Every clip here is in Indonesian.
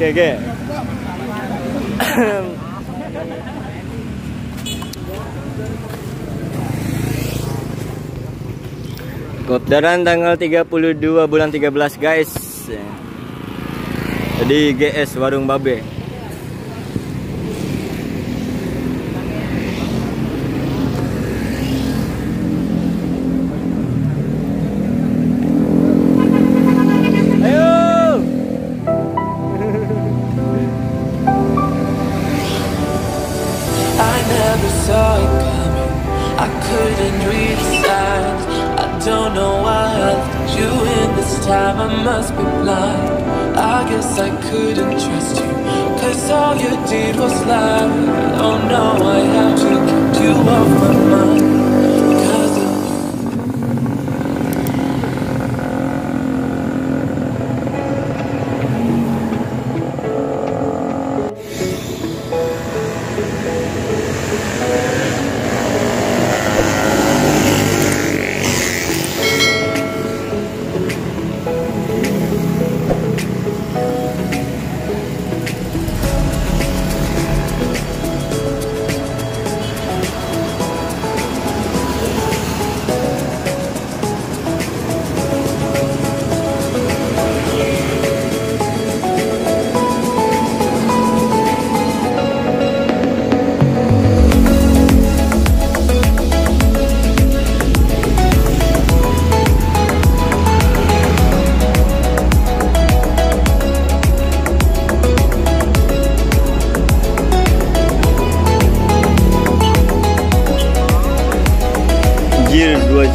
Oke, oke. Kopdaran tanggal 32 bulan 13 guys. Jadi GS Warung Babe.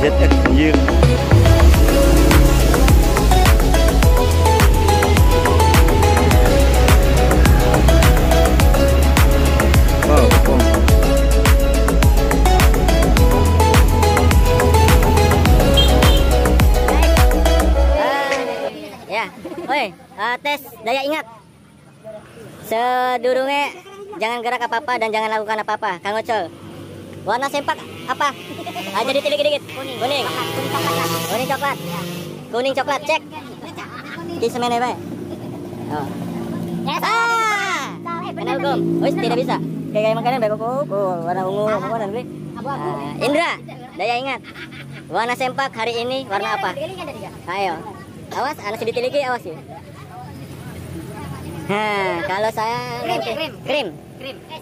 ZX Banjir Oi, tes daya ingat. Sedurunge jangan gerak apa-apa dan jangan lakukan apa-apa. Kang Ocol. Warna sempak apa? Ah, jadi dikit. Kuning. Kuning. Kuning coklat. Kuning coklat iya. cek. di semene ya, bae. Oh. Ya, ah. Eh, Kena hukum. tidak bisa. Kayak makanan bae kok. warna ungu, warna Uh, Indra, daya ingat. Warna sempak hari ini warna apa? Ayo. Awas, anak sedikit lagi awas ya. Nah, kalau saya krim, nanti krim. Krim.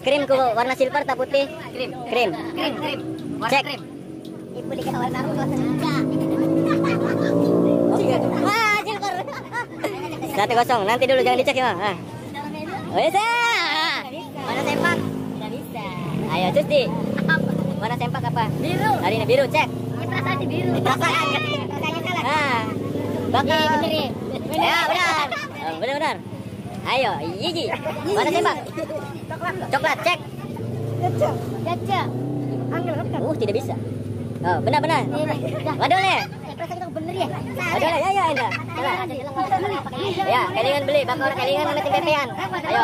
Krim. Krim warna silver tak putih? Krim. Krim. Krim. krim. Krim. Cek. krim. Ibu dikasih Satu kosong. Nanti dulu jangan dicek ya, Bang. Ah. Oh, iya, ah, ah. Bisa. Mana sempak? Tidak bisa. Ayo, cus Mana sempak apa? Biru. Hari ini biru, cek. Ini perasaan di biru. Ah. Bakal. Iya, iya, ya. benar. Benar, benar. Ayo, Yiji. Mana tembak? Coklat. Coklat, cek. Cek. Cek. Angel, Uh, tidak bisa. Oh, benar-benar. Waduh nih. waduh ya? ya. Waduh, ya ya ada. Ya, kalian ya, beli bakal kalian nanti pepean. Ayo.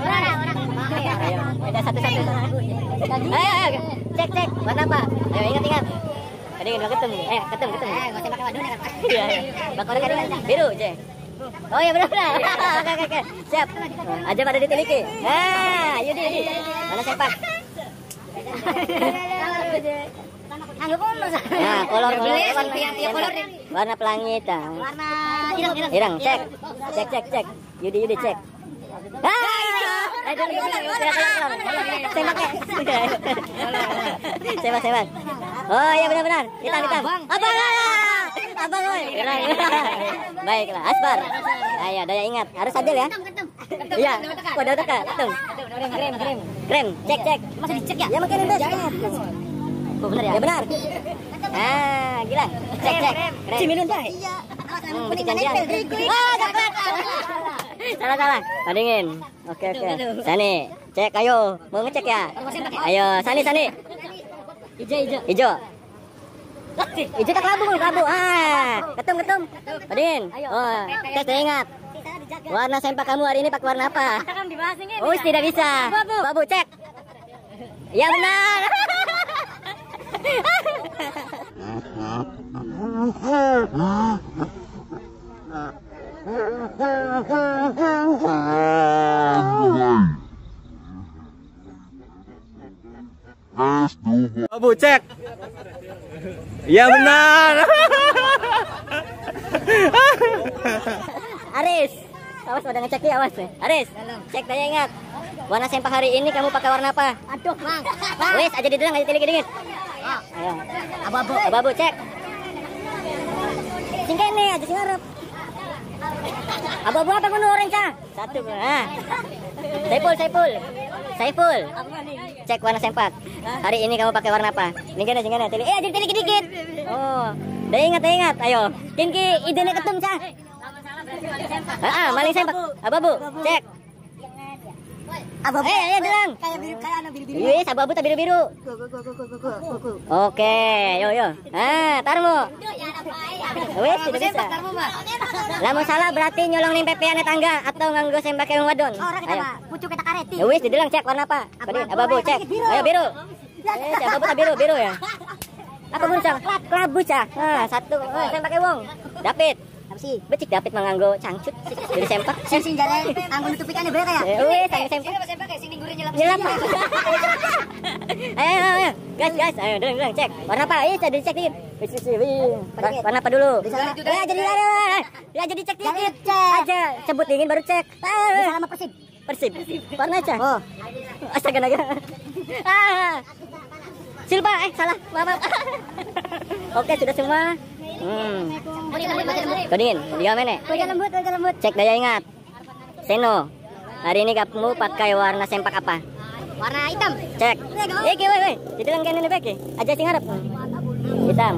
Ya? Ayo, ada satu-satu. Ayo, ayo. Cek cek warna apa? Ayo ingat-ingat. Kalian enggak ketemu. Eh, ketemu, ketemu. Eh, gua tembak waduh nih. Iya, iya. Bakal kalian biru, cek. Oh ya benar benar. Oke oke oke. Siap. Aja pada diteliti. ah yudi yudi. Mana sepak? Nah, kolor warna, pelangi itu. Warna cek. Cek cek cek. Yudi Yudi cek. oh ya. Oh iya benar-benar. Hitam hitam. Abang Baiklah, Asbar. Ayo, daya ingat, harus adil ya. Iya, kode ketum. krim, krim, cek, cek. Masih dicek ya? Ya, makin aku benar ya? Ya benar. Nah, gila. Cek cek. minum hmm, baik. Iya. Kucing Ah, dapat. Salah salah. Bandingin. Oke oke. Sani, cek ayo. Mau ngecek ya? Ayo, Sani Sani. Hijau hijau. Hijau. Hijau tak labu, labu. Ah, ketum ketum. Bandingin. Oh, tes ingat. Warna sempak kamu hari ini pakai warna apa? Oh, tidak bisa. Babu, cek. Ya benar. Abu oh, cek. Ya benar. Aris, awas pada ngecek ya awas deh. Aris, cek tanya ingat. Warna sempah hari ini kamu pakai warna apa? Aduh, mang. Wes aja di dalam aja dikit dingin. Ayo. Abu-abu, abu cek. Singkat nih, aja singarep. Abu-abu apa menu orang cah? Satu, ah. Saiful, Saiful, Cek warna sempak. Hari ini kamu pakai warna apa? Ninggana, ninggana, teli. Eh, jadi teli dikit. Oh. Dah ingat, dah ingat. Ayo. Kinki idenya ketum cah. Ah, maling sempak. Abu-abu, cek. Abu-abu. Eh, ya bilang. Kayak biru, kayak anak biru-biru. Wis, abu-abu tak biru-biru. Oke, yo yo. Eh, tarmo. Wis, tidak bisa. Lama salah berarti nyolong nih pepean tangga atau nganggo sembak yang wadon. Oh, orang kita, Pak. Pucuk kita kareti. Ya, wis, dibilang cek warna apa? Abu-abu cek. Ayo biru. Ya. Eh, abu-abu tak biru, biru ya. Apa pun muncang? Kelabu cah. Nah, satu. Eh, pakai wong. David sih? Becik David menganggo cangcut dari sempak. Sing sing jare anggo itu pikannya berapa ya. Wis saya sempak. Sing sempak sing nggure nyelap. Nyelap. Ayo ayo. Guys guys, ayo dorong dorong cek. Warna apa? Iya, jadi cek nih Wis wis oh, Warna apa dulu? Ya jadi ya jadi cek dikit. Aja cebut dingin baru cek. Sama persib. Persib. Warna apa? Oh. Astaga naga. Ah. Silva, eh salah. Maaf. Oke, sudah semua. Kodin, hmm. dia mana? Wajah lembut, wajah lembut. Cek daya ingat. Seno, hari ini kamu pakai warna sempak apa? Warna hitam. Cek. Eh, ke, weh, Jadi langkah ini baik Aja sih harap. Hitam.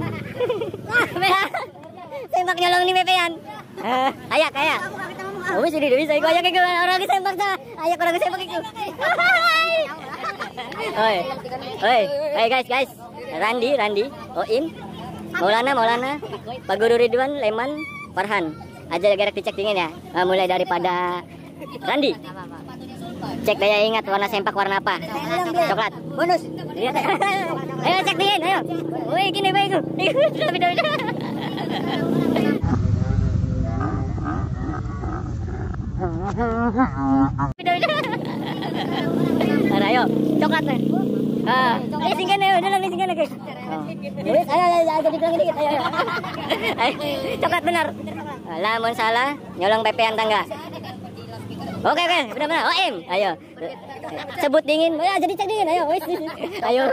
sempak nyolong nih bebean. Ah. ayak, ayak. Oh, bisa di bisa iku ayak ke orang sempak dah. Ayak orang sempak itu. Oi. Oi. Oi guys, guys. Randy, Randy. Oh, im. Maulana, Maulana, Pak Guru Ridwan, Leman, Farhan. Aja gerak dicek dingin ya. Nah, mulai daripada Randi. Cek daya ingat warna sempak warna apa? Coklat. Bonus. Iya. ayo cek dingin, ayo. Woi, gini baik. itu. Ayo, coklat nih coklat benar. Lamun salah, nyolong PP yang tangga. Oke oke, benar-benar. OM, ayo. Sebut dingin, ayo jadi cek dingin, ayo. Wes, ayo.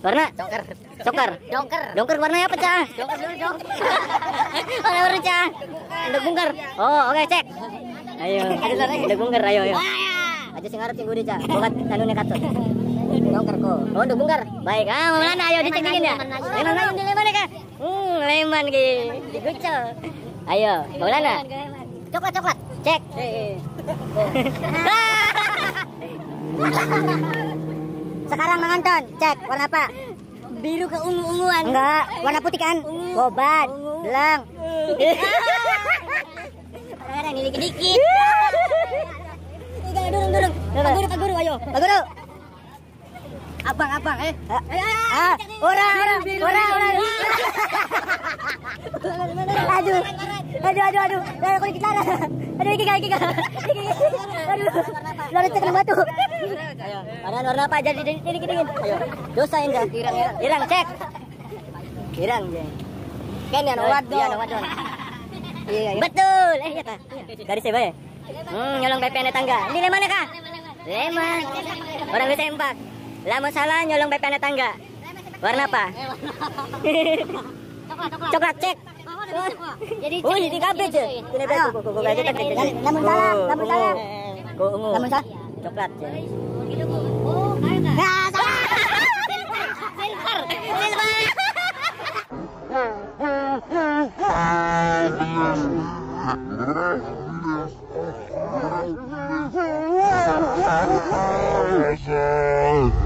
Warna? Joker. Joker. Joker. Joker warnanya apa, Cah? Joker, joker. Warna warna, Cah. Ndek bungker. Oh, oke, okay, cek. Ayo. Ada lagi. bungker, ayo, ayo. Ya. Aja sing arep sing gede, Cah. Bokat tanune katut. Hmm. Marco. Rondo bongkar. Baik. Ah, mana ayo ditekin ya. Leman ayo di leman ya. Hmm, leman ki. Digucel. Ayo, mau mana, Coklat coklat. Cek. Eh, eh. Sekarang menonton, cek warna apa? Biru ke ungu-unguan. Enggak, warna putih kan? bobat, belang. Kadang-kadang dikit-dikit. Durung, durung. Pak Guru, Pak Guru, ayo. Pak Guru abang abang eh, ah. eh, eh, eh. Ah, orang orang orang orang aduh aduh aduh aduh aku dikit lara aduh dikit dikit aduh lara tekan batu warna warna apa jadi jadi jadi dingin ayo dosa enggak irang irang cek irang kan yang nawat iya, iya, iya betul eh iya, ya kak dari siapa ya hmm nyolong BPN tangga ini lemana ya, kak lemah orang bisa empat Lama salah nyolong PP anak tangga. Warna apa? Eh, coklat, coklat. cek. Oh, jadi oh, jadi kabe je. Kene kok kok kabe tak oh, oh, cek. Lamun salah, lamun salah. Ko ungu. Lamun salah. Coklat je. Oh, enggak. Silver. Silver.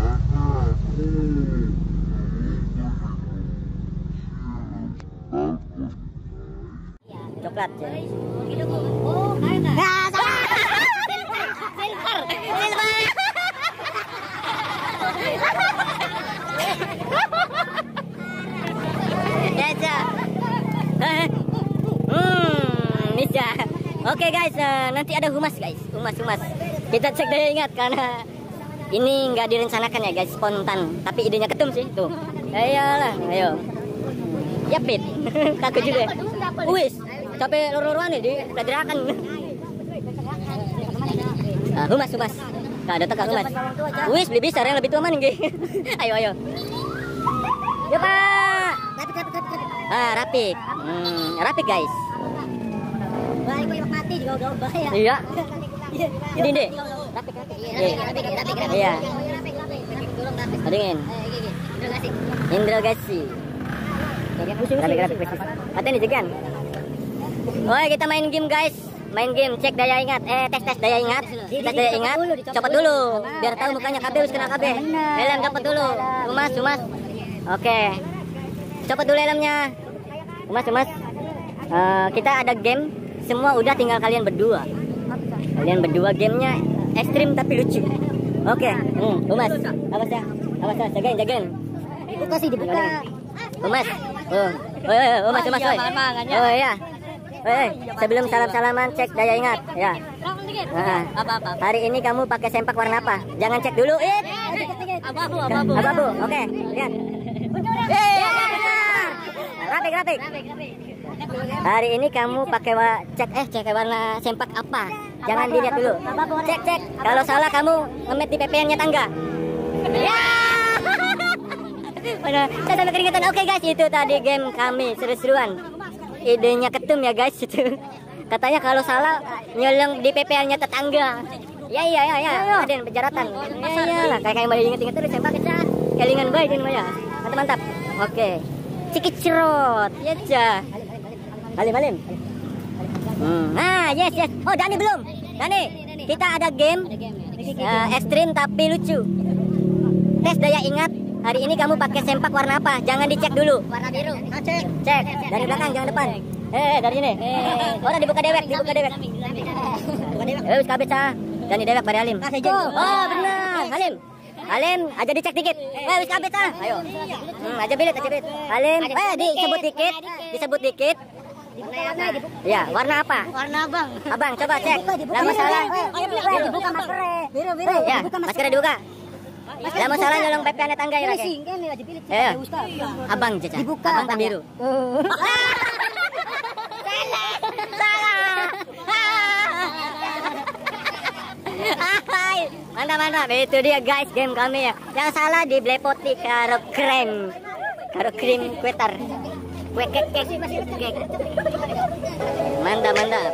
coklat ya. Oh, nah, silver, silver, Hmm, bisa. Oke okay, guys, uh, nanti ada humas guys, humas humas. Kita cek daya ingat karena ini nggak direncanakan ya guys, spontan. Tapi idenya ketum sih tuh. Ayolah, ayo. Yapit. Takut juga. Wis. Tapi luruan loroan ya di terakan ah, humas humas nah ada ke humas wis beli besar yang lebih tua mana nggih ayo ayo Yuk, pak Rapi, rapi, rapi. ah rapi, hmm, guys baik gue mati juga udah bayar iya ini deh Rapi, rapi, rapi, rapi, rapi. rapi. iya Adingin. Indrogasi. Indrogasi. rapi rapik. Aten dijegan. Oi, kita main game guys main game cek daya ingat eh tes tes daya ingat tes daya ingat copot dulu biar tahu mukanya KB harus kena KB helm copot dulu umas umas oke copot dulu helmnya umas umas uh, kita ada game semua udah tinggal kalian berdua kalian berdua gamenya ekstrim tapi lucu oke hmm, umas awas ya awas ya jagain jagain buka sih dibuka umas Oh, oh, oh, oh, iya, iya, iya, oh, oh, oh, oh, oh, oh, oh, oh, Eh, sebelum salam-salaman cek daya ingat ya. Nah, Hari ini kamu pakai sempak warna apa? Jangan cek dulu. Eh, abu-abu, Oke, lihat. Eh, rapi, rapi. Hari ini kamu pakai cek eh cek warna sempak apa? Jangan dilihat dulu. Cek cek. Kalau salah kamu ngemet di PPN-nya tangga. Ya. saya sampai keringetan. Oke guys, itu tadi game kami seru-seruan idenya ketum ya guys itu katanya kalau salah nyolong di PPL-nya tetangga ya iya iya iya ada yang penjaratan ya, ya lah kayak yang kayak inget inget terus yang kita kelingan baik ini ya mantap mantap oke cikit cerot ya ja balim balim hmm. ah yes yes oh Dani belum Dani kita ada game uh, ekstrim tapi lucu tes daya ingat Hari ini kamu pakai sempak warna apa? Jangan dicek dulu. Warna biru. Ah, cek. Cek. Dari belakang jangan depan. Eh, hey, eh, dari ini. Hey. Eh. Orang oh, dibuka dewek, dibuka dewek. Buka dewek. Eh, kabeh cah. Dan di dewek bari Halim. Oh, oh benar. Halim. Halim, aja dicek dikit. Eh, eh wis kabeh cah. Ayo. Hmm, aja bilit, aja bilit. Halim, eh disebut dikit, disebut dikit. Warna ya, warna apa? Warna abang. Abang, coba cek. Dibuka, dibuka. Lama salah. Dibuka maskernya. Biru, biru. Ya, maskernya dibuka. Iya. Lah masalah nyolong PP anak tangga ya. Sing Ya. aja Abang jajan. Dibuka abang biru. Salah. Salah. mantap mantap itu dia guys game kami ya yang salah di blepoti karo krem. karo krim kweter kue kek kek mantap mantap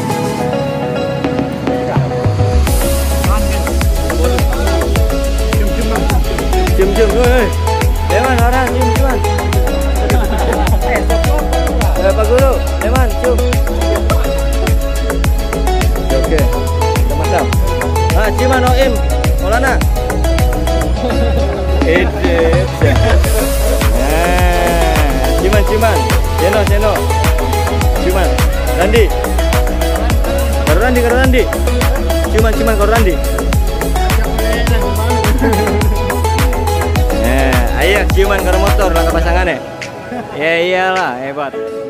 Noima Noim Maulana Edip Nah eh, Ciman Ciman Ceno Ceno Ciman Randi Karo Randi Karo Randi Ciman Ciman Karo Randi Nah ayo ciuman karo motor langkah pasangannya Ya iyalah hebat